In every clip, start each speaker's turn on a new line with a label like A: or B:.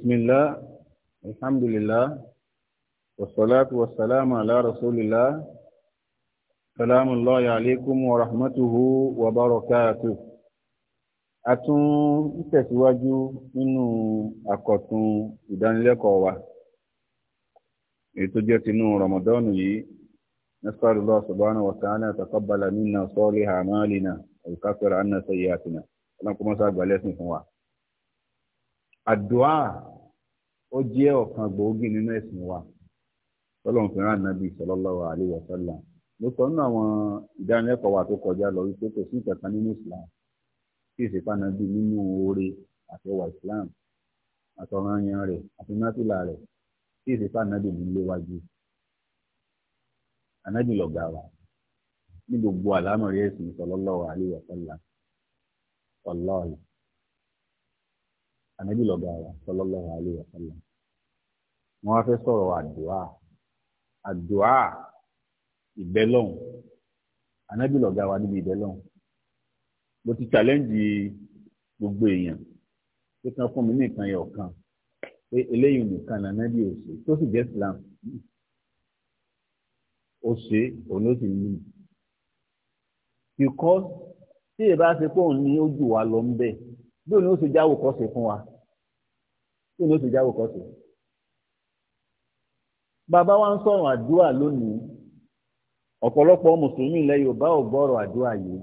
A: بسم الله الحمد لله والصلاة والسلام على رسول الله سلام الله عليكم ورحمته وبركاته a tún ń tẹ̀síwájú nínú àkọ̀tún ìdánilẹ́kọ̀ọ́ wa èyí tó jẹ́ tinú rọmọdọ́nù yìí nasarullah subhanahu wa ta'ala taqabbala minna saliha a'malina wa yukaffir anna sayyi'atina ọlọ́nkọ́ mọ́sá àgbàlẹ́sìn fún wa àdúà ó jẹ́ ọ̀kan gbòógì nínú ẹ̀sìn wa tọ́lọ́run fi rán nàbí sallallahu alaihi wasallam ló sọ nínú àwọn ìdánilẹ́kọ̀ọ́ wa tó kọjá lọ wípé kò sí ìtẹ̀ka nínú islam tí ìsìnká nàbí nínú oore àti ọwà islam àtọ̀ranyàn rẹ̀ àti náfìlà rẹ̀ tí ìsìnká nàbí ní léwájú ànábì lọ̀gá wa ní gbogbo àlámọ̀rí ẹ̀sìn sallallahu alaihi wasallam ọlọ́ọ̀lù ànábì lọ́gà wa sallallahu alaihi wa sallam wọ́n wá fẹ́ sọ̀rọ̀ àdùá àdùá ìbẹ́lọ́hùn ànábì lọ́gà wa níbi ìbẹ́lọ́hùn mo ti challenge gbogbo èèyàn pé kan fún mi ní nǹkan yẹn ọ̀kan pé eléyìí nìkan lànàbì ò ṣe tó sì jẹ́ Islam ó ṣe òun ló sì ń lù because tí èèbá ṣe pé òun ni ó jù wá lọ ń bẹ̀ bí òun ó ṣe jáwó kọ́ ṣe fún wa tó ní oṣù jáwó kọ́ sí. bàbá wa ń sọ̀rọ̀ àdúrà lónìí ọ̀pọ̀lọpọ̀ mùsùlùmí ilẹ̀ yorùbá ò gbọ́rọ̀ àdúrà yìí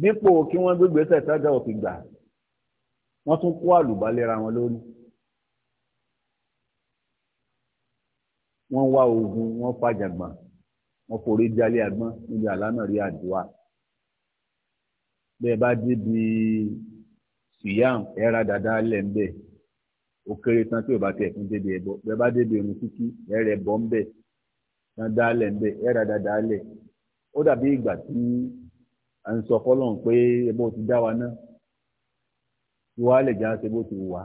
A: dípò kí wọ́n gbégbé sẹ̀tàdà òfin gbà wọ́n tún kó àlùbálẹ́ra wọn lórí. wọ́n wá ogun wọ́n fàjàgbọ́n wọ́n forí jalè àgbọ́n níbi àlámọ̀rí àdúrà bẹ́ẹ̀ bá dé bíi siyam ẹ̀ra dáadáa lẹ̀ ń bẹ̀ bá irun dàbí ìgbà tí à ń sọ pé ẹbọ ti dá wa náà tí wàá lè já ṣe bó ti wà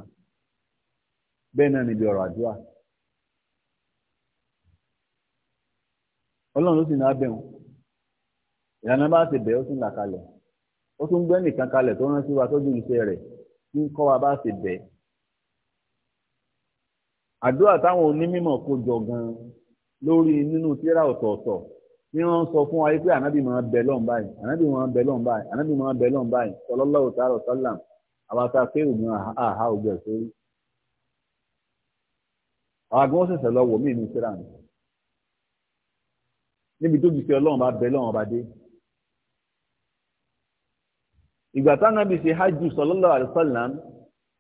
A: bẹ́ẹ̀ náà níbi ọ̀rọ̀ àdúrà ọlọ́run ló sì ní abẹ́ wọn ìlànà bá ti bẹ̀ ó sì ń là kalẹ̀ ó tún gbẹ́ nìkan kalẹ̀ tó rán sí wa ń kọ́ wa bá ṣe bẹ̀. àdúrà táwọn onímọ̀ kó jọ gan-an lórí nínú tírà ọ̀tọ̀ọ̀tọ̀ ní wọ́n sọ fún wa pé ànábì máa bẹ lọ́n báyìí ànábì máa bẹ lọ́n báyìí ànábì máa bẹ lọ́n báyìí sallallahu ta'ala sallam àwọn ata fẹ́rù ní àhá ògbẹ́ sórí. àwọn agbọ́n sẹ̀sẹ̀ lọ wò mí ní tírà mi níbi tó ti fi ọlọ́run bá bẹ lọ́run bá dé ìgbà tánábì ṣe hajj sallallahu alaihi wasallam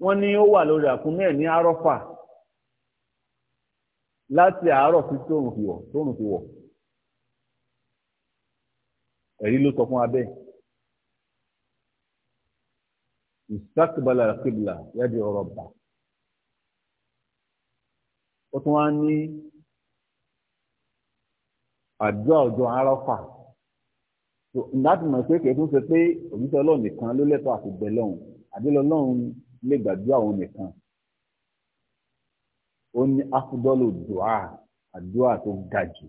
A: wọ́n ní ó wà lórí àkúnmẹ́ ní arọ́fà láti àárọ̀ sí tóòrùn fi wọ̀ tóòrùn fi wọ̀ ẹ̀rí ló sọ fún abẹ́ ìsàkìbalà kìbìlà yàdì ọ̀rọ̀ bà ó tún wá ní àdúrà ọjọ́ arọ́fà. láti mọ̀ pé kìí tún ṣe pé òjíṣẹ́ ọlọ́run nìkan ló lẹ́tọ̀ọ́ àti bẹ̀ lọ́hùn àdéhùn ọlọ́run lè gbàdúrà òun nìkan ó ní afudọ́lù dùá àdúrà tó ga jù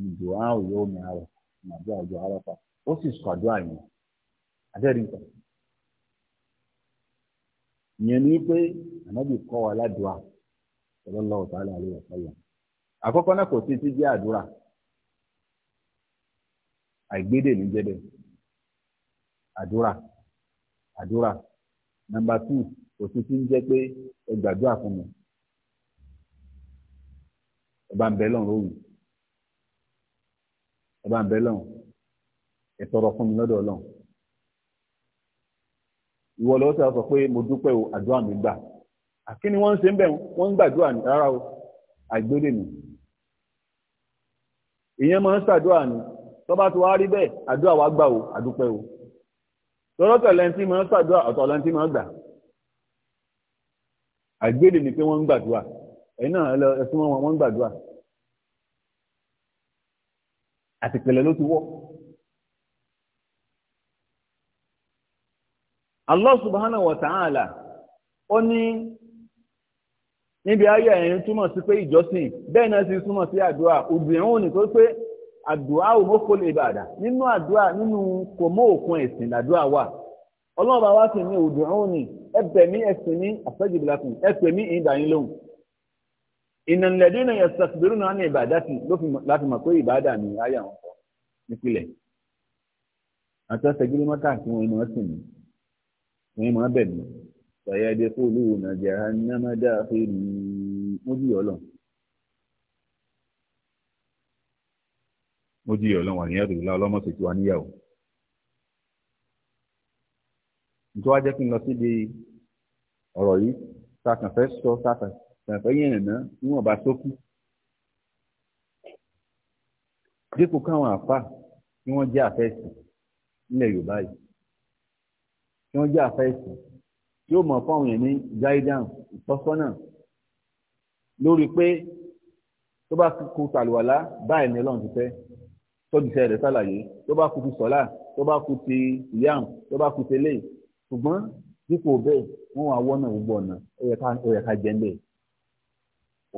A: ní dùá òye omi àrò ní òjò àrò pa ó sì sọ àdúrà yẹn ìyẹn ni pé ànábì kọ́ wa ládùá ọlọ́lọ́ọ̀tà àlẹ́ ọ̀sán yẹn àkọ́kọ́ náà kò sí ti jẹ́ àdúrà. àìgbédè ní jẹbẹ àdúrà àdúrà nọ́mbà two òsì tí ń jẹ pé ẹ gbàdúrà fún mi ẹ bá ń bẹ lọ́run lóhùn ẹ bá ń bẹ lọ́run ẹ tọrọ fún mi lọ́dọ̀ Ọlọ́run ìwọ lọ sí àwọn sọ pé mo dúpẹ́ o àdúrà mi gbà àkí ni wọ́n ń ṣe ń bẹ̀ wọ́n ń gbàdúrà rárá o àìgbédè nù ìyẹn máa ń ṣàdúrà ni. tó bá ti wá rí wa gbà o àdúpẹ́ o tọ́lọ́tọ̀ lẹ́ntì máa ń ṣàdúrà ọ̀tọ̀ lẹ́ntì máa ń gbà àgbélé ni pé wọ́n ń gbàdúrà náà wọn wọ́n ń gbàdúrà àtìpẹ̀lẹ̀ ló ti wọ́. ó ní níbi ayé ẹ̀yìn túmọ̀ sí pé ìjọsìn bẹ́ẹ̀ náà sì túmọ̀ àdúrà òmókòlè ìbàdà nínú àdúrà nínú kò mọ́ òkun ẹ̀sìn làdúrà wà ọlọ́run bá wá sí ní òdùnrún ni ẹbẹ̀ mí ẹ̀sìn ní àfẹ́jìbìlákùn ẹ̀pẹ̀ mí ìdáyín lóhùn ìnànlẹ̀dún náà yẹ sàkìbìrú náà ní ìbàdà sí láti mọ̀ pé ìbàdà ní ayé àwọn ọkọ̀ nípìnlẹ̀ àtọ́sẹ̀gírí mọ́tà kí wọ́n mọ̀ sí mi wọ́n mọ̀ bẹ̀ mí sọ̀yẹ́dẹ́kọ́ olówó nàìjíríà ní ó jí ọlọ́run àníyàn dùn láwọn ọlọ́mọ ṣètò wa níyàwó. nítorí wá jẹ́ kí n lọ síbi ọ̀rọ̀ yìí sàkàn fẹ́ sọ sàkàn fẹ́ yẹn nà níwọ̀n bá sókú. dípò káwọn àfa tí wọ́n jẹ́ àfẹ́sì nílẹ̀ Yorùbá yìí tí wọ́n jẹ́ àfẹ́sì tí ó mọ̀ fáwọn yẹn ní guidance ìtọ́sọ́nà lórí pé tó bá kú tàlùwàlá báyìí ni Ọlọ́run ti fẹ́ tọ́júṣe rẹ̀ sàlàyé tó bá kú ti sọ̀lá tó bá kú ti yam tó bá kú ti lè ṣùgbọ́n dípò bẹ́ẹ̀ wọ́n wá wọ́nà gbogbo ọ̀nà ó yẹ ká jẹ́ ń bẹ̀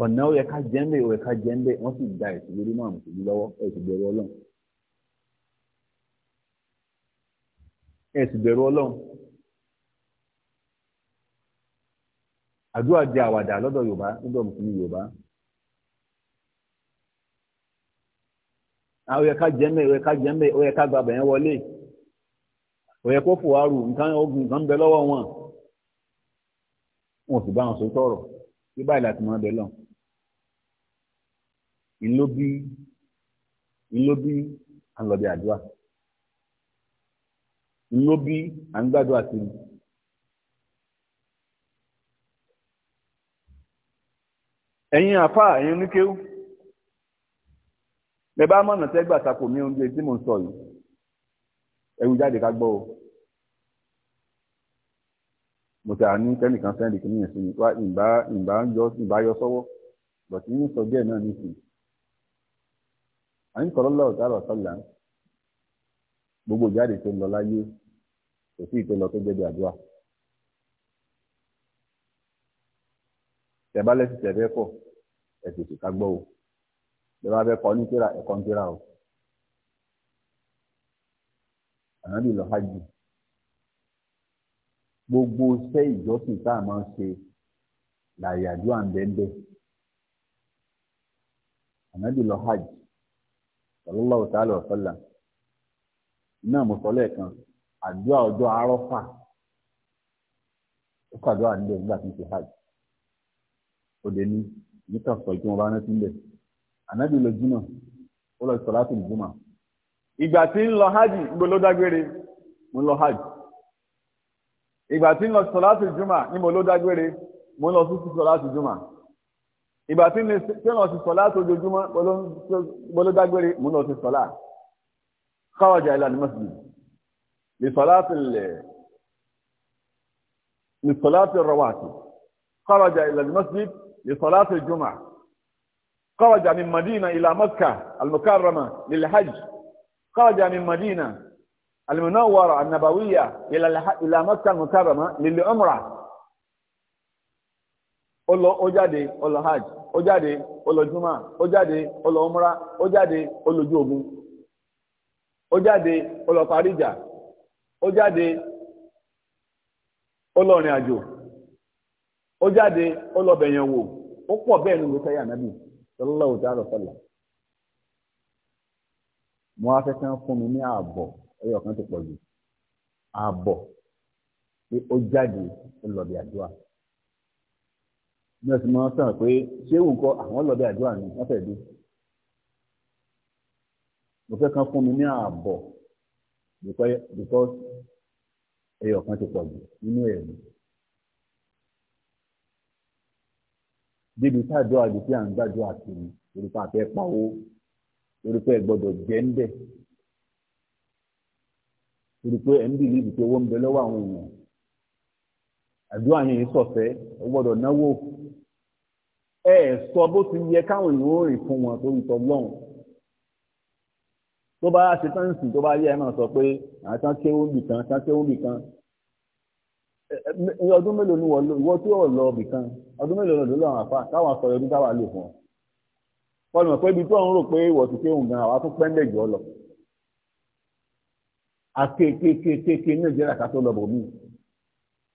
A: ọ̀nà ó yẹ ká jẹ́ ń bẹ̀ ó yẹ ká jẹ́ ń bẹ̀ wọ́n sì gba ẹ̀sìn lórí náà mùsùlùmí lọ́wọ́ ẹ̀sìn bẹ̀rù ọlọ́run ẹ̀sìn bẹ̀rù ọlọ́run àdúrà jẹ́ àwàdà lọ́dọ̀ yorùbá lọ́dọ̀ mùsùlùmí yorùbá àwọn ah, ẹ̀ka jẹ́mẹ̀ ẹ̀ka jẹ́mẹ̀ ẹ̀ka gbàgbà yẹn wọlé ọ̀yẹ́ kó fò àrù nǹkan ogun nǹkan bẹ lọ́wọ́ wọn wọn sì bá wọn sọ tọrọ bí báyìí láti máa bẹ lọ ìlóbi ìlóbi à àdúrà ìlóbi à sí i. ẹ̀yin àfa ẹ̀yin oníkéwù bẹ bá mọ̀nà tẹ́gbà takò mí oúnjẹ tí mò ń sọ yìí ẹ̀rù jáde ká gbọ́ o mo ti àní kẹ́nìkan sẹ́ndì kìíní yẹn sí mi wá ìbá ìbá yọ ìbá yọ sọ́wọ́ bọ̀tí yín sọ díẹ̀ náà nìsín àyìn kọ́ lọ́lọ́ ọ̀tá lọ́tọ́ là ń gbogbo ìjáde tó ń lọ láyé kò sí ìtò lọ tó jẹ́ bí àdúrà. tẹ̀bálẹ́sì tẹ̀fẹ́ pọ̀ ẹ̀ tètè ká gbọ́ o ìjọba fẹ́ kọ́ ní kíra ẹ̀kọ́ ń kíra o ànábì lọ hajj gbogbo iṣẹ́ ìjọsìn tá a máa ń ṣe làyàjú àǹdẹ́ńdẹ́ ànábì lọ hajj sallallahu ta'ala wa sallam náà mo sọ lẹ́ẹ̀kan àdúrà ọjọ́ arọ́fà ó kàdúrà níbẹ̀ nígbà tí ń ṣe hajj ó dé ní nítorí pé kí wọ́n bá rántí ànábì lọ jùmọ̀ ó lọ sọ̀rọ̀ láti jùmọ̀ ìgbà tí ń lọ hajj níbo ló dágbére mo ń lọ hajj ìgbà tí ń lọ sọ̀rọ̀ láti jùmọ̀ níbo ló dágbére mo ń lọ sí sọ̀rọ̀ láti jùmọ̀ ìgbà tí ń lọ sí sọ̀rọ̀ láti ojoojúmọ́ níbo ló dágbére mo ń lọ sí sọ̀rọ̀ kọ́wọ́jà ìlànà masjid lè sọ̀rọ̀ láti lẹ̀ lè sọ̀rọ̀ láti rawatib kọ́wọ́jà ìlànà masjid lè sọ̀rọ̀ láti jùmọ̀ خرج من مدينة إلى مكة المكرمة للحج خرج من مدينة المنورة النبوية إلى إلى مكة المكرمة للعمرة olo ó jáde olo hajj ó jáde olo juma ó jáde olo umra ó jáde oloju ogun ó jáde olo parija ó jáde olo rìn àjò ó jáde olo beyan wo ó pọ̀ bẹ́ẹ̀ nu lo taya nabi الله تعالى sallam mo wá fẹ́ kí wọ́n fún mi ní ààbọ̀ ẹyọ kan ti pọ̀ jù ààbọ̀ pé ó jáde ó lọ bí àdúrà ní ọ̀sìn máa ń sàn pé ṣéwù kọ àwọn lọ àdúrà ni wọ́n fẹ́ dé mo fẹ́ kán fún mi ní ààbọ̀ because ẹyọ kan ti pọ̀ jù nínú ẹ̀mí. débi táàjọ àdìsí à ń gbàjọ àtìmí torí pé àfẹ́ pawó torí pé ẹ gbọ́dọ̀ jẹ́ ń bẹ̀ torí pé ẹ ń bìlíìbì pé owó ń bẹ lọ́wọ́ àwọn èèyàn àdúrà yẹn sọ̀fẹ́ ó gbọ́dọ̀ náwó ẹ sọ bó ti yẹ káwọn èèyàn ó rìn fún wọn torí tọ́ lọ́hùn tó bá ṣe tán sìn tó bá yẹ ẹ máa sọ pé àtàkéwòbì kan àtàkéwòbì kan ní ọdún mélòó ni wọ́n lò ìwọ tí ò lọ bìkan ọdún mélòó lọ́dún lọ́dún àwọn àfa táwọn sọ ọdún táwa lò fún ọ. wọ́n mọ̀ pé ibi tí wọ́n rò pé ìwọ ti kéwòn gan àwa tún pẹ́ńdẹ̀ jọ lọ. akékèkékéké ní ìjẹ́rà ká tó lọ bò mí.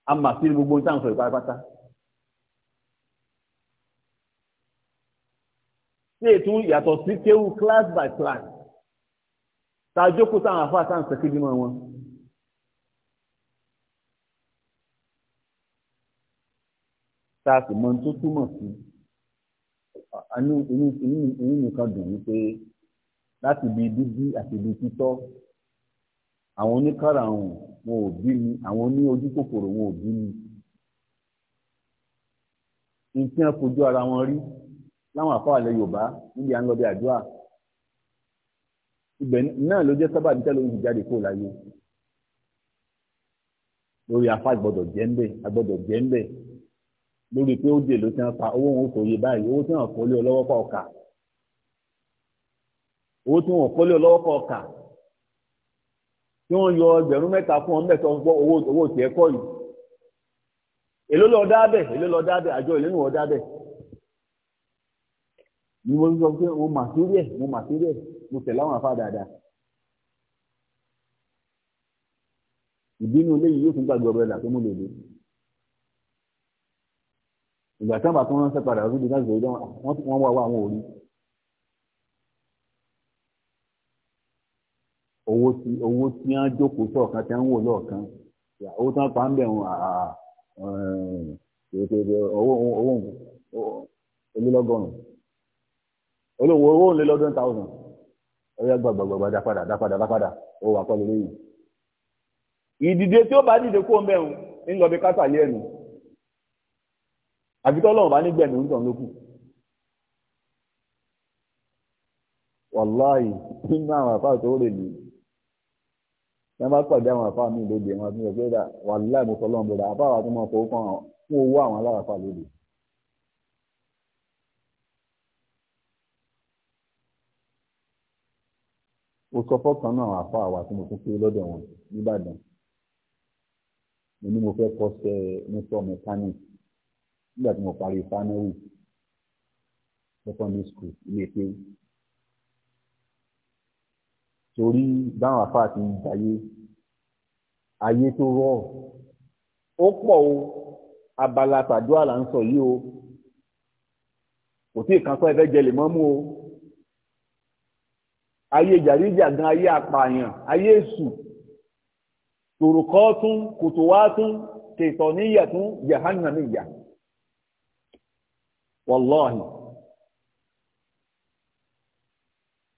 A: a mà sí gbogbo ní táwọn sọ ìpátápátá. sí ètò yàtọ̀ sí kéwù class by class. tá a jókòó táwọn àfa táwọn sọ kéjì mọ́ wọn. tá a sì mọ tó túmọ̀ sí inú mi kan dùn wípé láti ibi dúdú àti ibi títọ́ àwọn oníkàrà ọ̀hún wọn ò bí mi àwọn oní ojú kòkòrò wọn ò bí mi ìtí wọn fojú ara wọn rí láwọn àfáà ilẹ̀ Yorùbá níbi à ń lọ bí àdúrà ibẹ̀ náà ló jẹ́ sábà bí tẹ́lẹ̀ oúnjẹ jáde kó láyé lórí afá gbọ́dọ̀ jẹ́ ń bẹ̀ agbọ́dọ̀ jẹ́ ń bẹ̀ lórí pé ó dè ló ti ń pa owó wọn kò yé báyìí owó tí wọn kò lé ọlọ́wọ́ kọ̀ ọ̀ka owó tí wọn kò lé ọlọ́wọ́ kọ̀ ọ̀ka tí wọn yọ ẹgbẹ̀rún mẹ́ta fún ọmọ mẹ́ta gbọ́ owó owó tiẹ̀ kọ́ yìí èló lọ dá bẹ̀ èló lọ dá bẹ̀ àjọ ìlú nìwọ dá bẹ̀ ni mo sọ pé mo mà sórí ẹ̀ mo mà sórí ẹ̀ mo tẹ̀ láwọn afá dáadáa ìbínú eléyìí yóò tún gbàgbé ọ̀rọ̀ ẹ̀dà tó mú lòdì. ìgbà tí wọn bá tún ránṣẹ́ padà rúbi náà zòrí wọn wá wá àwọn òrí owó tí owó tí wọn jókòó sọ̀kan tí wọn wò owó tí wọn pa ń bẹ̀ wọn owó owó olólọ́gọ́rùn olówó owó olólọ́gọ́rùn thousand ọyọ gbàgbàgbàgbà dápadà dápadà dápadà owó àkọlù lóyún ìdìde tí ó bá dìde kó ń ń lọ bí àbí tọ́lọ́run bá nígbẹ̀mí orúkọ lókù wàláì nínú àwọn àfà tó rè lè ẹ má pàdé àwọn àfà mi lóde wọn fi hàn pé wàláì mo tọ́lọ́run bọ̀dà àfà wa tó máa fowó kan fún owó àwọn aláwàfà lóde. ó sọ fọ́kàn náà àwọn àfà wa tí mo tún pé lọ́dọ̀ wọn nígbàdàn mo ní mo fẹ́ kọ́ sẹ́ mọ́tò mẹkáníìkì nígbà tí mo parí fánáwì secondary school ilé pé torí báwọn àfáà ti ń jayé ayé tó rọ̀ ó pọ̀ o abala tàdúrà là ń sọ yìí o kò tí ì kan sọ ẹ fẹ́ jẹ o ayé jàdíjàgan ayé apààyàn ayé èṣù tòrùkọ́ tún kòtòwá tún kètò níyà tún jahannamiya. wọlọ́ọ̀hì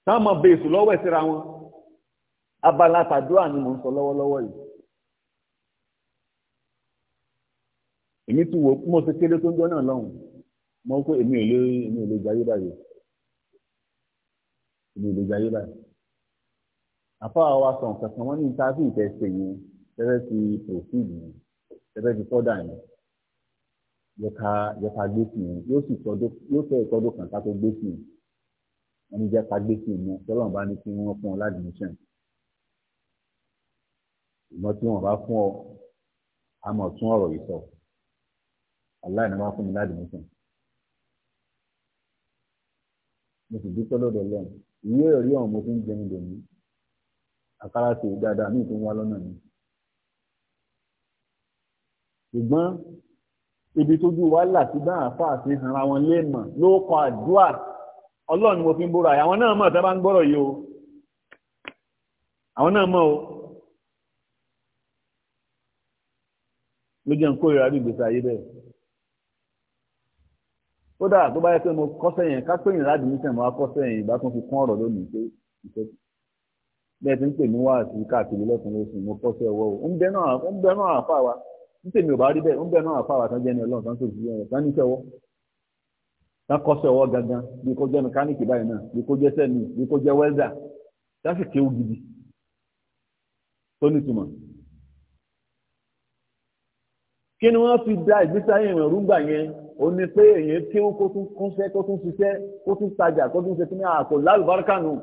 A: táàmà bèèsù lọ́wọ́ ẹ̀sìra wọn abala tàdúrà ni mò ń sọ lọ́wọ́lọ́wọ́ yìí èmi tún wò mo ṣe kéré tó ń jọ náà lọ́hùn mo kó èmi ò lè èmi ò lè jayé báyìí èmi ò lè jayé báyìí wa sọ nǹkan kan wọ́n ní ìtàkùn ìtẹ̀sẹ̀ yẹn tẹ́lẹ̀ ti pòsíìdì yẹ ká yẹ ká gbé sí yẹn yóò sì tọdún yóò fẹ́ ìtọ́dún kan ká tó gbé sí yẹn wọ́n ní jẹ́ ká gbé sí yẹn tọ́lọ́run bá ní kí wọ́n fún ọ ládìmíṣàn ìmọ̀ tí wọ́n bá fún ọ a mọ̀ tún ọ̀rọ̀ yìí sọ aláì ní wọ́n fún mi ládìmíṣàn mo sì dúpẹ́ lọ́dọ̀ lẹ́yìn ìwé ẹ̀rí ọ̀hún mo fi ń jẹun lòní àkàrà sí dáadáa ní ìpínwá lọ́nà mi ṣùgbọ́n ibi tójú wa là sí bá àáfàá sí hanra wọn léèmọ̀ ló kọ àdúrà ọlọ́run mo fi ń bóra àwọn náà mọ̀ tá bá ń gbọ́rọ̀ yìí o àwọn náà mọ̀ o ló jẹ́ ń kórìíra bí ìgbésí ayé bẹ́ẹ̀ kódà tó bá yẹ pé mo kọ́sẹ̀ yẹn ká pé ìrìn láti níṣẹ́ mo wá kọ́sẹ̀ yẹn ìbá tún fi kún ọ̀rọ̀ lónìí pé ìṣẹ́ bẹ́ẹ̀ ti ń pè mí wá sí káàkiri lọ́kùnrin oṣù mo kọ́sẹ̀ ọwọ́ o ń bẹ náà àfa wa nítèmi ò bá rí bẹ́ẹ̀ ń bẹ́ẹ̀ náà àfàwà tán jẹ́ ní ọlọ́run tán tó fi ẹ̀rọ tán níṣẹ́ ọwọ́ tán kọ́sẹ̀ ọwọ́ gangan bí kò jẹ́ mẹkáníìkì báyìí náà bí kò jẹ́ sẹ́mi bí kò jẹ́ wẹ́ldà tásì kéwù gidi tó nítumọ̀. kí ni wọ́n fi da ìgbésí ayé ìwọ̀n rúgbà yẹn ó ní pé èèyàn kéwù kó tún kúnṣẹ́ kó tún ṣiṣẹ́ kó tún tajà kó tún ṣe kí ní àkò lálùbáríkà nù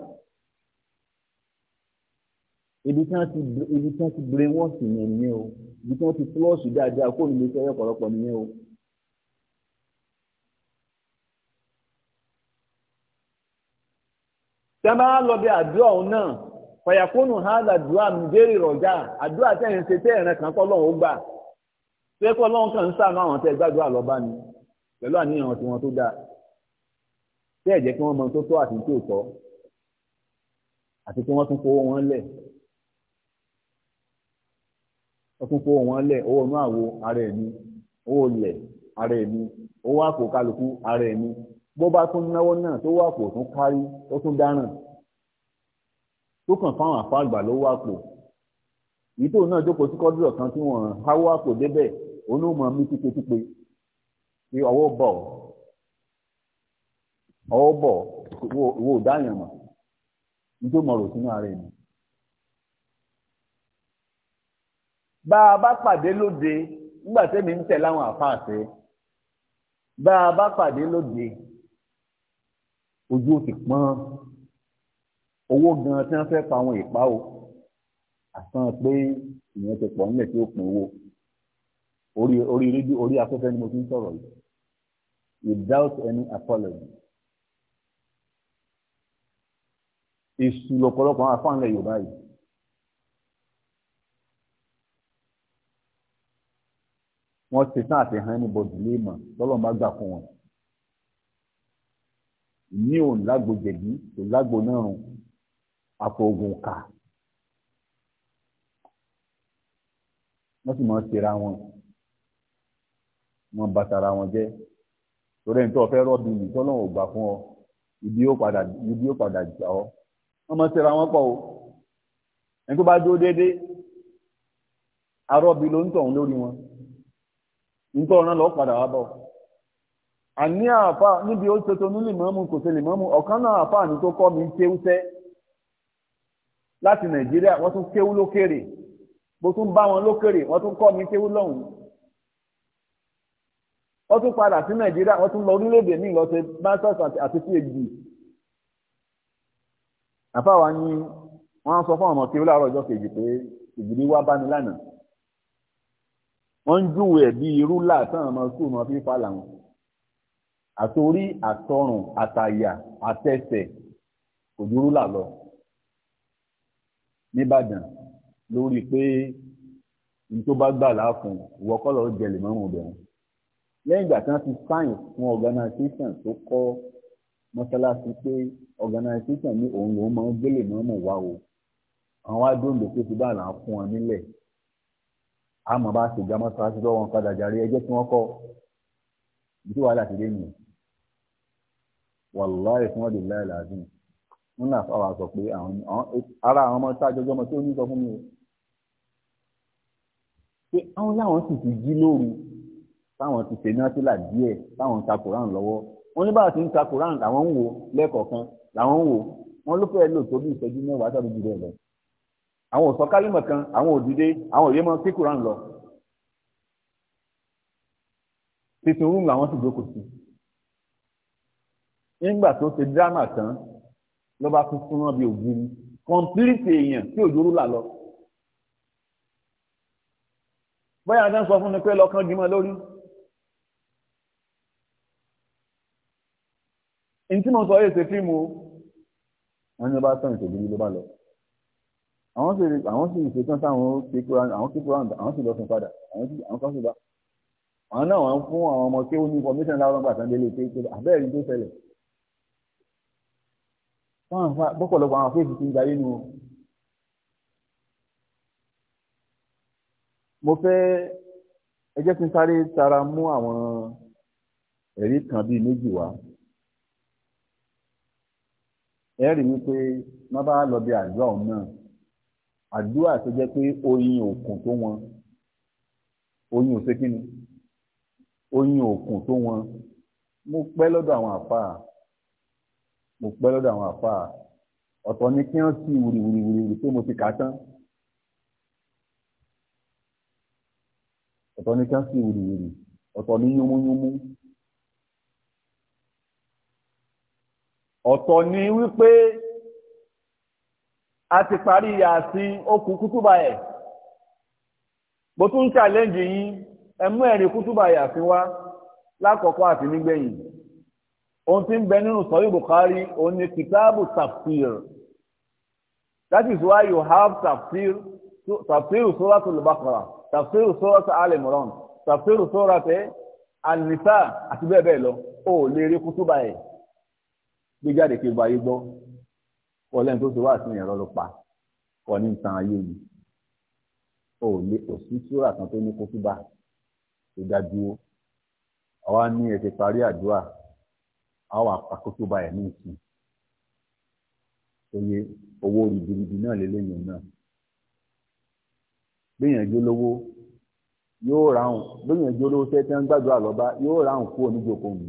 A: ibi tí wọ́n ti ibi tí wọ́n ti brainwash ni nìyẹn o ibi tí wọ́n ti flush dáadáa kó nílé iṣẹ́ ọ̀pọ̀lọpọ̀ ni o. tẹ́lẹ̀ á lọ bí àdúrà òun náà fàyàkónù hàdà dùá mùbẹ́rì rọ̀jà àdúrà tẹ̀yìn ṣe tẹ̀yìn kan kọ́ lọ́hùn ó gbà ṣé kọ́ lọ́hùn kan ń sàánú àwọn tẹ́ gbàdúrà lọ́ba ni pẹ̀lú àníyàn tiwọn tó dáa tẹ́ẹ̀ jẹ́ kí wọ́n mọ tó tọ́ àti tó tọ́ àti kí wọ́n tún kówó wọn lẹ̀ ẹkún kó wọn lẹ̀ owó inú àwo ara ẹ̀mí owó lẹ̀ ara ẹ̀mí owó àpò kálukú ara ẹ̀mí bó bá tún náwó náà tó wà pò tún kárí ó tún dáràn tó kàn fáwọn àfáàgbà ló wà pò náà jókòó sí kan tí wọ́n háwó àpò mi ara bá a bá pàdé lóde nígbà tẹ́mi ń tẹ̀ láwọn àfáàṣẹ bá a bá pàdé lóde ojú ó ti pọ́n owó gan tí wọ́n fẹ́ pa àwọn ìpá o àtàn pé ìyẹn ti pọ̀ nílẹ̀ tí ó pin owó orí orí rédíò orí afẹ́fẹ́ ni mo ti ń sọ̀rọ̀ yìí without any apology. èṣù lọ́pọ̀lọpọ̀ àwọn afáànlẹ̀ Yorùbá yìí wọ́n ṣe tán àti hàn níbọ̀dì léèmọ̀ lọ́lọ́mọ àgbà fún wọn. ní òun lágbo jẹ̀bi kò lágbo náà rùn àfọ̀gùn kà wọ́n sì máa ń ṣera wọn wọ́n bá tara wọn jẹ́ torí ẹni tó fẹ́ rọ́ọ̀bì nì tọ́lọ́wọ̀n ò gbà fún ọ ibi yóò padà ibi yóò padà jà ọ wọ́n máa ń ṣera wọn pọ̀ o ẹni tó bá dúró déédéé arọ́bí ló ń tọ̀hún lórí wọn nítorí ọ̀ràn lọ padà wá bọ̀ àní àfà níbi ó ṣe tonú lìmọ́mù kò ṣe lìmọ́mù ọ̀kan náà àfà ní tó kọ́ mi kéwúṣẹ́ láti nàìjíríà wọ́n tún kéwú lókèrè bó tún bá wọn lókèrè wọ́n tún kọ́ mi kéwú lọ́hùn wọ́n tún padà sí nàìjíríà wọ́n tún lọ orílẹ̀-èdè míì lọ ṣe masters àti phd àfà wa ni wọ́n sọ fún ọmọ kéwú láàárọ̀ ọjọ́ kejì pé ìgbìlì wá bá mi lánàá wọ́n ń júwe ẹ̀ bí irú láàtàn ọmọ skul mọ́ fi fà làwọn àtòrí àtọrùn àtàyà àtẹsẹ̀ kò dúró là lọ nìbàdàn lórí pé n tó bá gbà láàfún ìwọ kọ́ lọ́ọ́ jẹ lè mọ́rùn bẹ̀rù lẹ́yìn ìgbà tí wọ́n ti sáyìn fún organisation tó kọ́ mọ́sálásí pé organisation ní òun lòún máa ń gbélé mọ́mọ́ wá o àwọn adóńdó tó ti bá là fún ọ nílẹ̀ àmọ́ bá ṣe ìjà mọ́ṣáláṣí lọ́wọ́ padà jàre ẹjẹ́ tí wọ́n kọ́ bí wàhálà ti dé nìyẹn wàláì fún ọdún láì làásìn wọn náà fáwọn sọ pé àwọn ara àwọn ọmọ sáájọjọ ọmọ tí ó ní sọ fún mi o pé àwọn láwọn sì ti jí lóru táwọn ti ṣe nátìlà díẹ̀ táwọn ń ta koran lọ́wọ́ wọn ní bá a ti ń ta koran làwọn ń wò lẹ́kọ̀ọ̀kan làwọn ń wò wọn ló fẹ́ẹ́ lò tó ìṣẹ́jú mẹ́wàá sábẹ́ jù bẹ́ẹ̀ lọ àwọn ò sọ kálímọ̀ kan àwọn ò dìde àwọn òye mọ́ kíkùrà ń lọ títún rúùmù làwọn sì jókòó sí nígbà tó ṣe dírámà tán ló bá tún súnmọ́ bíi ògiri kọ́ńpìlìtì èèyàn tí òjò rúlà lọ bóyá adé ń sọ fún mi pé lọ́kàn dimọ̀ lórí ní tí mo sọ yìí ṣe fíìmù o wọn ní bá tán ìtòjú ló bá lọ àwọn sì àwọn sì ṣetán táwọn kékeré àwọn kékeré àwọn sì lọ sùn padà àwọn sì àwọn kan sì bá àwọn náà wọn fún àwọn ọmọ kéwọn ní information láwọn ọgbà tán délé pé àbẹ́rẹ́ tó ṣẹlẹ̀ bọ́pọ̀lọpọ̀ àwọn fèsì ti ń darí nu mo fẹ́ ẹ jẹ́ kí n sáré tara mú àwọn ẹ̀rí kan bíi méjì wá ẹ̀rí wípé má bá lọ bí àjọ ọ̀hún náà àdúrà tó jẹ́ pé oyin òkun tó wọn oyin òsè kí ni oyin òkun tó wọn mo pẹ́ lọ́dọ̀ àwọn àfáà mo pẹ́ lọ́dọ̀ àwọn àfáà ọ̀tọ̀ ni kí wọ́n sì wùrìwùrìwùrì pé mo ti kà á tán ọ̀tọ̀ ni kí wọ́n sì wùrìwùrì ọ̀tọ̀ ni yúnmúyúnmú ọ̀tọ̀ ni wípé. a ti parí yàtí okùn kútùbà ẹ̀ bó tún challenge yín ẹ mú ẹ̀rí kútùbà yàtí wá lákọ̀ọ́kọ́ àti nígbẹ̀yìn ohun tí ń bẹ nínú sọ́yìn Bukhari òun ni kìtáàbù tafsir that is why you have tafsir tafsir suratul Baqara tafsir suratul Al-Imran tafsir suratul An-Nisa àti bẹ́ẹ̀ bẹ́ẹ̀ lọ ó lè rí kútùbà ẹ̀ gbé jáde kí n gbọ́. wọ́n lẹ́yìn tó ti wá sí ẹ̀rọ ló pa wọ́n ní nǹkan ayé ni ò lè kò sí súrà kan tó ní kókúbà tó dájú ó àwa ní ẹ ti parí àdúrà àwa àpàkótóbà ẹ̀ ní ìsìn oye owó rìbìrìbì náà lélẹ́yìn náà gbìyànjú lówó yóò ráhùn gbìyànjú lówó tẹ́ tẹ́ ń gbàdúrà lọ́ba yóò ráhùn kúrò níjókòó mi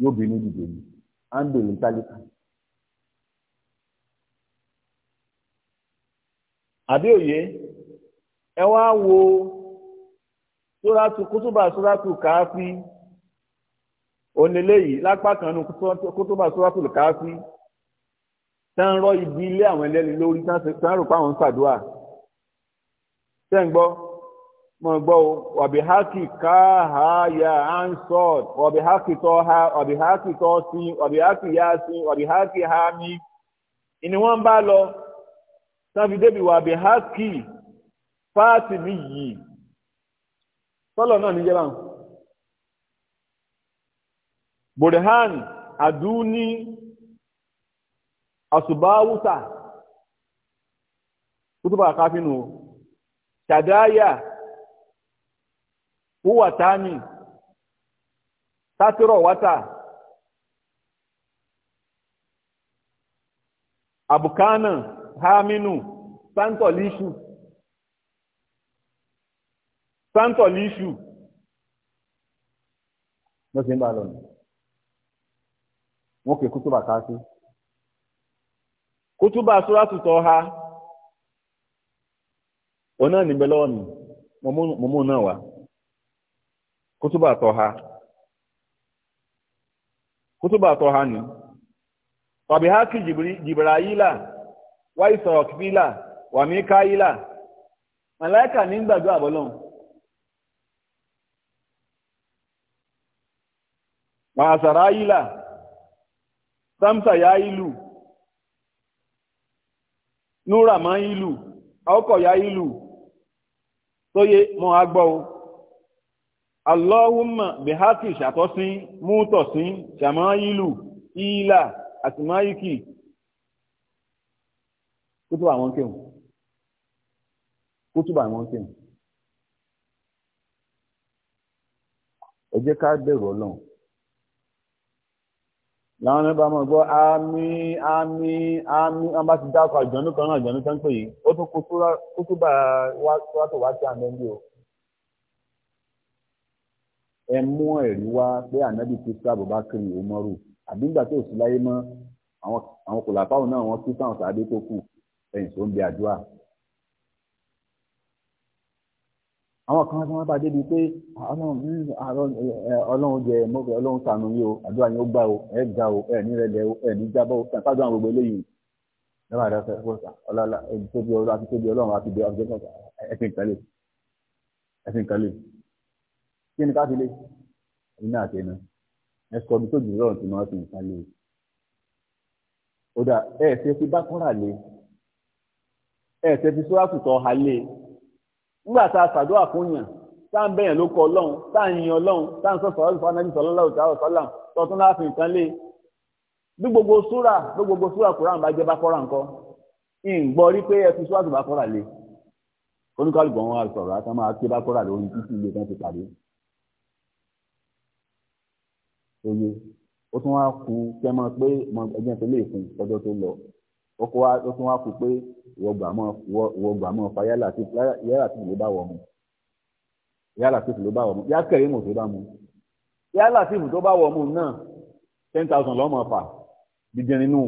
A: yóò bínú dìde mi á ń tálíkà. àbí òye ẹ wá wo sóràtú kútùbà sóràtú káfí onílé yìí lápá kan nu kútùbà sóràtú káfí tán rọ ibi ilé àwọn ẹlẹ́ni lórí tán rò pé àwọn ń ṣàdúrà tẹ́ ń gbọ́ mọ̀ ń gbọ́ o wàbíhákì káhàáyà ansọ́d wàbíhákì tọ́ha wàbíhákì tọ́sí wàbíhákì yásí wàbíhákì hámi ìní wọ́n ń bá lọ sáfi débi wà bí hákì fáàtì mi yìí sọ́lọ̀ náà níjẹ́ báwọn. burhan adúní asubáwúsà kútùbà káfínù ṣàdáyà wúwà tání sátírọ̀ abukana haminu pantolishu pantolishu no se mba lona wo ke kutuba kasi kutuba sura ha ona ni beloni momo momo na wa kutuba to ha kutuba to ha ni Fabi haki Jibri, wá ìsọ̀rọ̀ kíbílà wà mí káyílà màláìkà ní gbàdúrà bọ́lọ́n samsa ya ilu, nura ma ilu, máa ya ilu, toye ìlú tóye mọ́ agbọ́ o Allahumma bihati ṣàtọ́sí mútọ̀sí ṣàmọ́ ìlú ìlà kútùbà wọn kéwù kútùbà wọn kéwù ẹ jẹ́ ká bẹ̀rù ọlọ́run làwọn ọmọ bá mọ̀ gbọ́ àmì àmì àmì wọn bá ti dákọ̀ àjọ̀nú kan náà àjọ̀nú kan pè yìí ó tún kútùbà wá tó wá sí àmì ẹni o ẹ mú ẹ̀rí wá pé ànábì ti sá Abubakar Umaru àbí nígbà tó sì láyé mọ́ àwọn kòlàfáwọn náà wọ́n kí sáwọn sàádé tó kù ẹ̀yìn tó ń bẹ àdúrà. àwọn kan tí wọ́n bá débi pé ọlọ́run jẹ mọ́fẹ́ ọlọ́run sànù yìí o àdúrà yìí ó gbà o ẹ̀ ga o ẹ̀ ní rẹ̀lẹ̀ o ẹ̀ ní jábọ̀ o kàn sáájú àwọn gbogbo eléyìí lọ́wọ́ àdàfẹ́ ọlọ́lá ẹni tó bí ọlọ́run àti tó bí ọlọ́run àti bí ọjọ́ ẹ̀sìn kan lè ẹ̀sìn kan lè kí ni ká fi lè iná àtẹnu ẹ̀sọ́ ọdún tó jù lọ́rùn tí wọ́n ti ń kan ó dà ẹ̀ ṣe ti bá kọ́ra lè ẹ̀sẹ̀ fi sóràtù tọ́ ha lé nígbà tá a ṣàdúrà fún yàn tá à ń bẹ̀yàn ló kọ ọlọ́run tá à ń yin ọlọ́run tá à ń sọ̀sọ̀ ọlọ́run fún anábìsọ̀ ọlọ́run tá à sọ́là tọ́tún láàfin nǹkan lé bí gbogbo súrà bí gbogbo súrà Kùránì bá jẹ́ bá kọ́ra nǹkan ìgbọ́ rí pé ẹ fi sóràtù bá kọ́ra lé oníkàlùkù àwọn àṣọ̀rọ̀ àti máa ké bá kọ́ra lórí títí ilé kan ti pàdé oye ó tún wá kú kẹ́ mọ̀ pé ẹgbẹ́ tó lè fún lọ́jọ́ tó wọ gbà mọ́ fa yálà tí ìlú bá wọ̀ mu yálà tí ìlú bá wọ̀ mu yá kẹrin mò tó bá mu yálà tí ìlú tó bá wọ̀ mu náà ten thousand lọ́mọ fà dídín nínú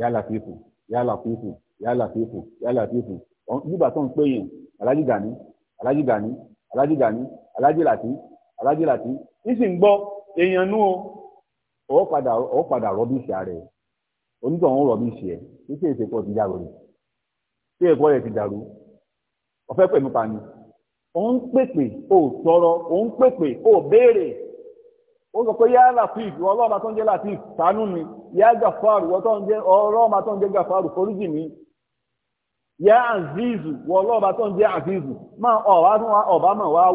A: yálà tí ìfù yálà tí ìfù yálà tí ìfù yálà tí ìfù nígbà tó ń pè yàn alájí gani alájí gani alájí gani alájí làtí alájí làtí ìsìn gbọ́ èèyàn nú o ọ̀ padà rọ́bìṣì rẹ̀ onítọ̀ ọ̀hún rọ́bìṣì ẹ̀ kí sì èsè pọ̀ ti jáwèrè. tí ẹ̀kọ́ rẹ̀ ti dàrú ọ̀fẹ́ pẹ̀lú pa ni ó ń pèpè tọrọ ó ń pèpè ó béèrè ó sọ pé yá Latif ìwọ ọlọ́ọ̀ma tó ń jẹ́ Latif ṣàánú mi yá Gafaru ìwọ tó ń jẹ́ Gafaru mi yá Azizu ìwọ ọlọ́ọ̀ma tó ń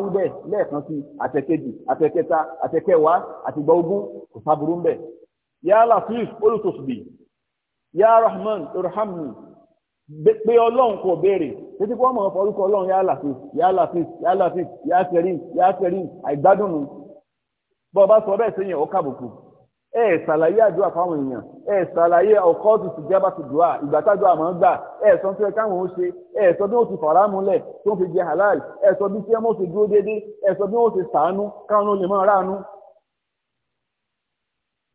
A: wú bẹ́ẹ̀ lẹ́ẹ̀kan sí àtẹ̀kejì àtẹ̀kẹta àtẹ̀kẹwàá àtìgbà ogún kò sábúrú pé ọlọ́run kò béèrè títí kó mọ̀ fọ́rúkọ ọlọ́run yá Latif yá Latif yá Latif yá Karim yá Karim àìgbádùn nù bọ́ ọba sọ bẹ́ẹ̀ sẹ́yìn ó kàbùkù ẹ ẹ ṣàlàyé àdúrà fáwọn èèyàn ẹ ẹ ṣàlàyé ọkọ tuntun jábà ti dùn à ìgbà tájọ àmọ́ gbà ẹ ẹ sọ tí ẹ káwọn ó ṣe ẹ ẹ sọ bí wọn ti fara múlẹ̀ tó ń fi jẹ halal ẹ sọ bí tí ẹ mọ̀ ṣe dúró déédéé ẹ sọ bí wọn ṣe sàánú káwọn ó lè máa ráàánú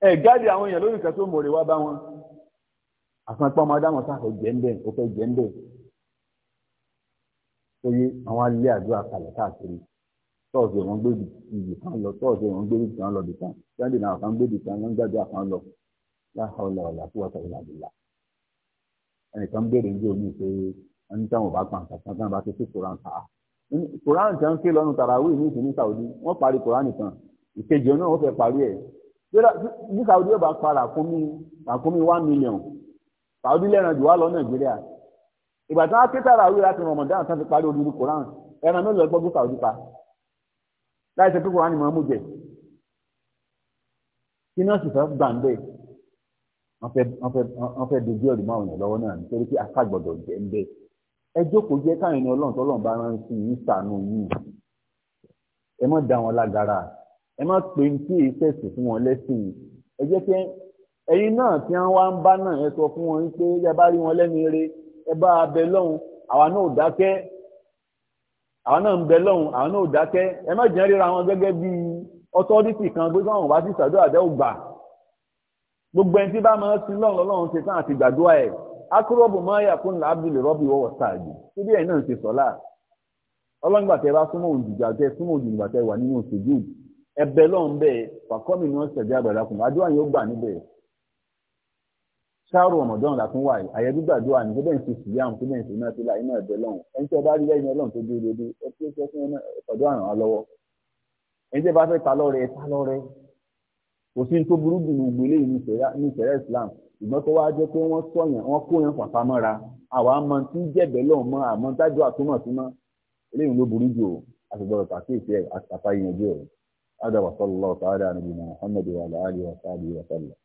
A: ẹ gáàdì àwọn èèyàn lórí ìkàtó mòrè wá bá wọn àsanpá ọmọ adáwọn sáfẹ́ jẹ́ ń bẹ̀ ó fẹ́ jẹ́ ń bẹ̀ torí àwọn alẹ́ àdúrà kalẹ̀ káàkiri tọ́ọ̀sì wọn gbé ibì kan lọ tọ́ọ̀sì wọn gbé ibì kan lọ bì kan sunday náà kan gbé ibì kan wọn gbàdúrà kan lọ láhà ọ̀là ọ̀là kí wọ́n sọ̀rọ̀ làbìlà ẹnìkan béèrè ní omi pé ẹni táwọn ò bá pa nǹkan kan táwọn bá ti sí koran ta koran tí wọ́n ké lọ́nu tarawih ní ìsìn ní saudi wọ́n parí koran nìkan ìkejì náà wọ́n fẹ́ parí ẹ̀ ní saudi yóò bá pa ràkúnmí ràkúnmí one million sàwọ́dí lẹ́ran jù wá lọ nàìjíríà ìgbà tí wọ́n ké tààrà wí láti rọmọdán tán fi parí olórí koran ẹran mélòó ẹgbọ́n gbé sàwọ́dí pa láì ṣe pé koran ni mo mú jẹ kí nọ́ọ̀sì fẹ́ gbà ń bẹ́ẹ̀ wọ́n fẹ́ dojú ẹ̀rù máa wọ̀nyàn lọ́wọ́ náà nítorí pé aká gbọ́dọ̀ jẹ́ ń bẹ́ẹ̀ ẹ jókòó jẹ́ káyọ̀ ní ọlọ́run tọ́lọ́run bá rán sí yìí sànú yìí ẹ má da wọn lágara ẹ má pè ní kí èyí sẹ̀sì fún wọn lẹ́sìn ẹ jẹ́ ẹyin náà tí wọ́n wá ń bá náà ẹ sọ fún wọn pé ẹ bá rí wọn lẹnu eré ẹ a bẹ lọ́hùn àwa náà ò dákẹ́ àwa náà ń bẹ lọ́hùn àwa náà ò dákẹ́ ẹ má jẹ́ ríra wọn bí kan pé káwọn wá sí ìsàdúrà gbogbo ẹni tí bá máa sin lọ́hùn lọ́lọ́run ṣe tán àti gbàdúrà ẹ̀ akúrọ̀bù yà abdul rọ́bì wọ́wọ́ sáàjì síbí ẹ̀ náà ṣe sọ́lá ọlọ́ngbà bá súnmọ́ ṣáàrù ọmọdún la tún wà yìí àyẹ̀dú gbàdúrà ní kébẹ̀ ń ṣe síyá àwọn kébẹ̀ ń ṣe náà sílá iná ẹ̀bẹ̀ lọ́hùn ẹni tí ọba rí lẹ́yìn ọlọ́run tó dúró dédé ẹ tí ó tẹ́ fún ọdún àràn á lọ́wọ́ ẹni tí bá fẹ́ ta lọ́rẹ ta lọ́rẹ kò sí tó burú jù gbogbo eléyìí ní ìṣẹ̀rẹ́ Islam ìgbọ́n tó wá jẹ́ pé wọ́n sọ̀yàn wọ́n kó yẹn pàpà àwa mọ tí jẹ̀bẹ̀ lọ́hùn mọ́ àmọ́